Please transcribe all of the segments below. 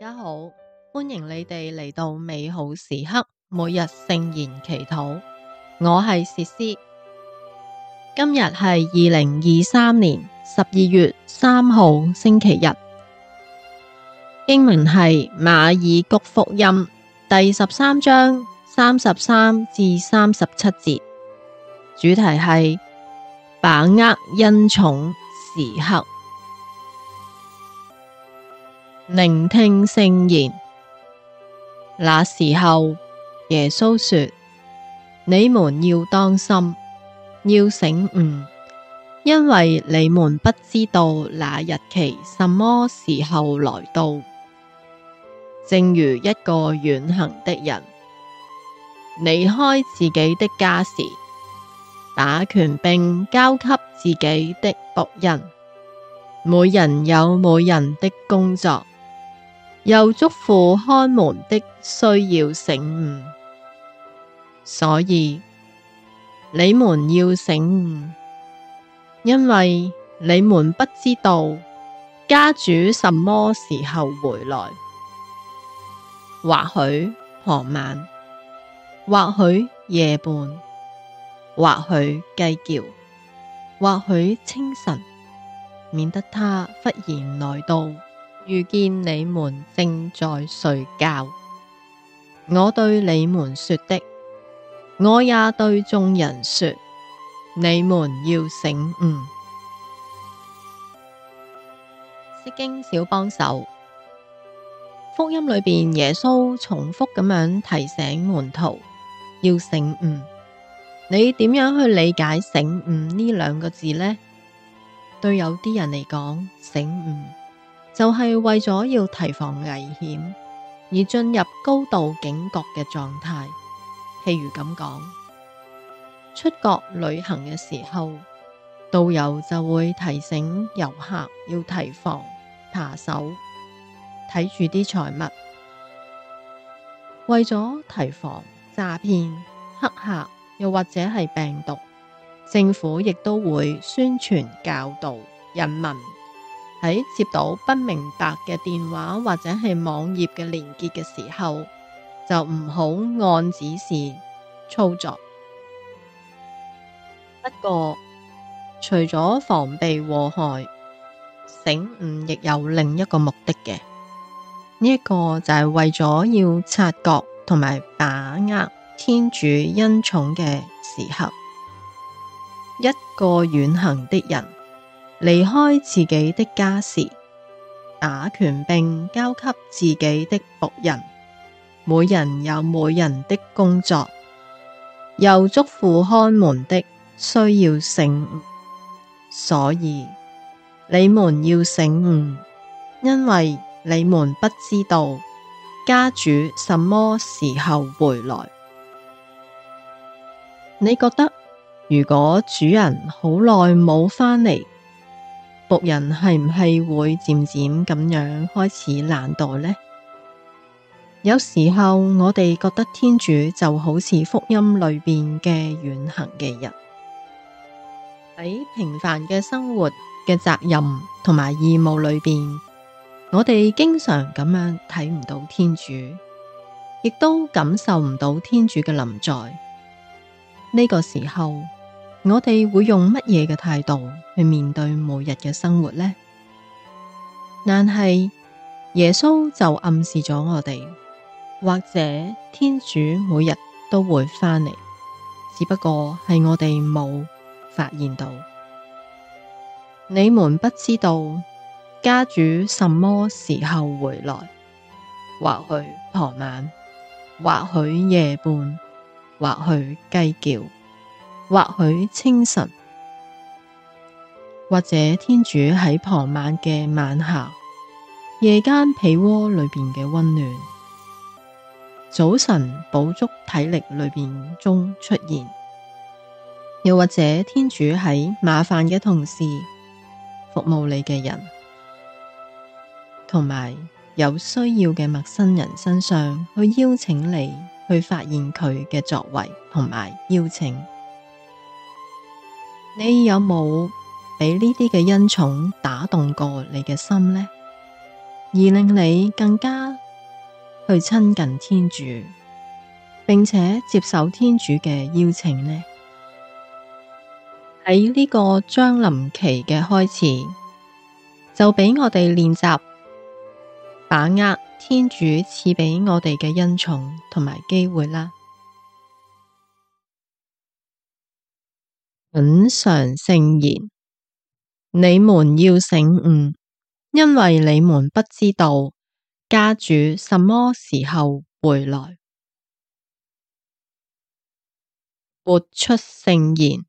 大家好，歡迎你哋嚟到美好時刻每日聖言祈禱，我係詩詩。今日係二零二三年十二月三號星期日，經文係馬爾谷福音第十三章三十三至三十七節，主題係把握恩寵時刻。聆聽聖言，那時候耶穌說：你們要當心，要醒寤，因為你們不知道那日期什麼時候來到。正如一個遠行的人，離開自己的家時，把權柄交給自己的僕人，每人有每人的工作。又囑咐看門的須要醒寤，所以你們要醒寤，因為你們不知道家主什麼時候回來，或許傍晚，或許夜半，或許雞叫，或許清晨，免得他忽然來到。遇見你們正在睡覺，我對你們說的，我也對眾人說，你們要醒寤。釋經小幫手，福音裏邊，耶穌重複咁樣提醒門徒要醒寤。你點樣去理解醒寤呢兩個字呢？對有啲人嚟講，醒寤，就係為咗要提防危險而進入高度警覺嘅狀態，譬如咁講，出國旅行嘅時候，導遊就會提醒遊客要提防扒手，睇住啲財物。為咗提防詐騙、黑客又或者係病毒，政府亦都會宣傳教導人民。喺接到不明白嘅電話或者係網頁嘅連結嘅時候，就唔好按指示操作。不過，除咗防備禍害，醒寤亦有另一個目的嘅。呢、這、一個就係為咗要察覺同埋把握天主恩寵嘅時刻。一個遠行的人。離開自己的家時，把權柄交給自己的僕人，每人有每人的工作，又囑咐看門的須要醒寤，所以你們要醒寤，因為你們不知道家主什麼時候回來。你覺得如果主人好耐冇返嚟，僕人係唔係會漸漸咁樣開始懶惰呢？有時候我哋覺得天主就好似福音裏邊嘅遠行嘅人，喺平凡嘅生活嘅責任同埋義務裏邊，我哋經常咁樣睇唔到天主，亦都感受唔到天主嘅臨在。呢、這個時候，我哋會用乜嘢嘅態度去面對每日嘅生活呢？但係耶穌就暗示咗我哋，或者天主每日都會翻嚟，只不過係我哋冇發現到。你們不知道家主什麼時候回來，或許傍晚，或許夜半，或許雞叫。或許清晨，或者天主喺傍晚嘅晚霞、夜間被窩裏邊嘅溫暖、早晨補足體力裏邊中出現，又或者天主喺麻煩嘅同事服務你嘅人，同埋有，有需要嘅陌生人身上去邀請你去發現佢嘅作為，同埋邀請。你有冇俾呢啲嘅恩寵打動過你嘅心呢？而令你更加去親近天主，並且接受天主嘅邀請呢？喺呢個將臨期嘅開始，就俾我哋練習把握天主賜俾我哋嘅恩寵同埋機會啦。品嚐聖言，你們要醒寤，因為你們不知道，家主什麼時候回來。活出聖言，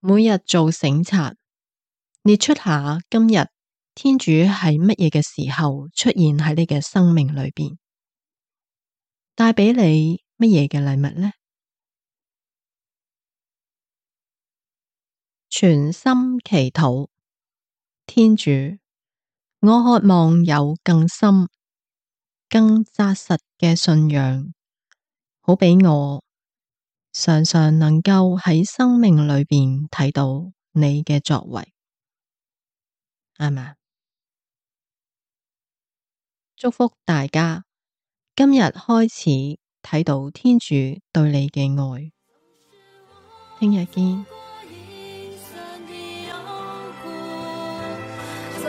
每日做省察，列出下今日天主喺乜嘢嘅時候出現喺你嘅生命裏邊，帶畀你乜嘢嘅禮物呢？全心祈禱，天主，我渴望有更深、更扎實嘅信仰，好俾我常常能夠喺生命裏邊睇到你嘅作為。係嘛，祝福大家，今日開始睇到天主對你嘅愛。聽日見。